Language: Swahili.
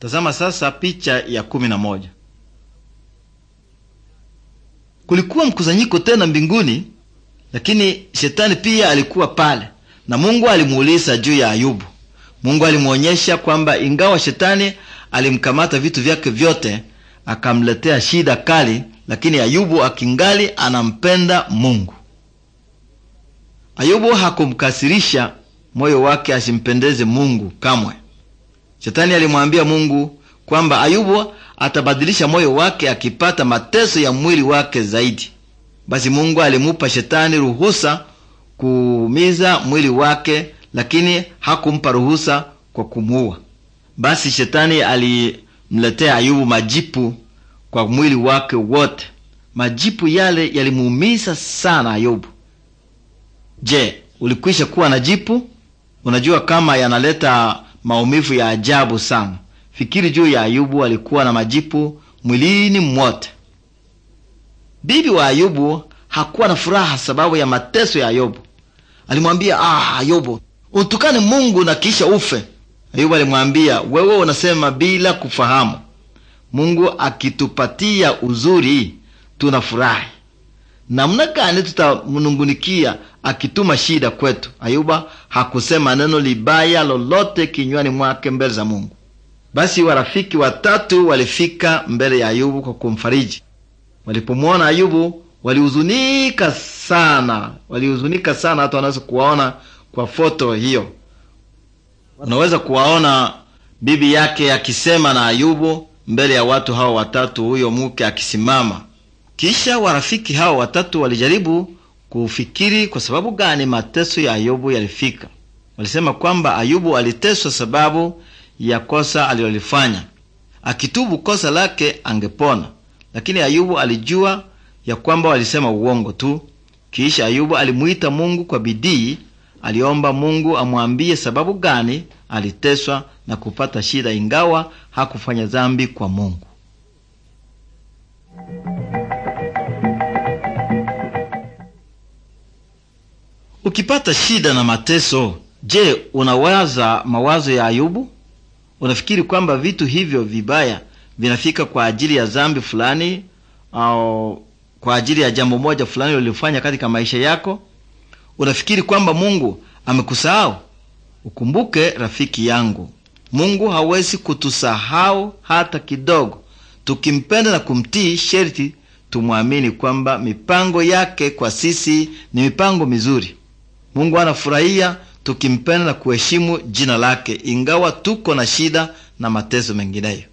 Tazama sasa picha ya kumi na moja. Kulikuwa mkusanyiko tena mbinguni, lakini shetani pia alikuwa pale, na Mungu alimuuliza juu ya Ayubu. Mungu alimwonyesha kwamba ingawa shetani alimkamata vitu vyake vyote akamletea shida kali, lakini Ayubu akingali anampenda Mungu. Ayubu hakumkasirisha moyo wake asimpendeze Mungu kamwe. Shetani alimwambia Mungu kwamba Ayubu atabadilisha moyo wake akipata mateso ya mwili wake zaidi. Basi Mungu alimupa shetani ruhusa kuumiza mwili wake, lakini hakumpa ruhusa kwa kumuua. Basi shetani alimletea Ayubu majipu kwa mwili wake wote. Majipu yale yalimuumiza sana Ayubu. Je, ulikwisha kuwa na jipu? Unajua kama yanaleta maumivu ya ajabu sana. Fikiri juu ya Ayubu, alikuwa na majipu mwilini mwote. Bibi wa Ayubu hakuwa na furaha sababu ya mateso ya Ayubu. Alimwambia, ah, Ayubu, utukane Mungu na kisha ufe. Ayubu alimwambia, wewe unasema bila kufahamu. Mungu akitupatia uzuri tunafurahi. Namna gani tutamnungunikia akituma shida kwetu. Ayuba hakusema neno libaya lolote kinywani mwake mbele za Mungu. Basi warafiki watatu walifika mbele ya Ayubu kwa kumfariji. Walipomwona Ayubu walihuzunika sana, walihuzunika sana. Hata wanaweza kuwaona kwa foto hiyo, unaweza kuwaona bibi yake akisema na Ayubu mbele ya watu hao watatu, huyo mke akisimama. Kisha warafiki hao watatu walijaribu kufikiri kwa sababu gani mateso ya Ayubu yalifika. Walisema kwamba Ayubu aliteswa sababu ya kosa alilolifanya. Akitubu kosa lake angepona, lakini Ayubu alijua ya kwamba walisema uongo tu. Kisha Ayubu alimuita Mungu kwa bidii, aliomba Mungu amwambie sababu gani aliteswa na kupata shida, ingawa hakufanya dhambi kwa Mungu. Ukipata shida na mateso, je, unawaza mawazo ya Ayubu? Unafikiri kwamba vitu hivyo vibaya vinafika kwa ajili ya zambi fulani au kwa ajili ya jambo moja fulani ulilofanya katika maisha yako? Unafikiri kwamba Mungu amekusahau? Ukumbuke rafiki yangu, Mungu hawezi kutusahau hata kidogo. Tukimpenda na kumtii, sherti tumwamini kwamba mipango yake kwa sisi ni mipango mizuri. Mungu anafurahia tukimpenda na kuheshimu jina lake, ingawa tuko na shida na mateso mengineyo.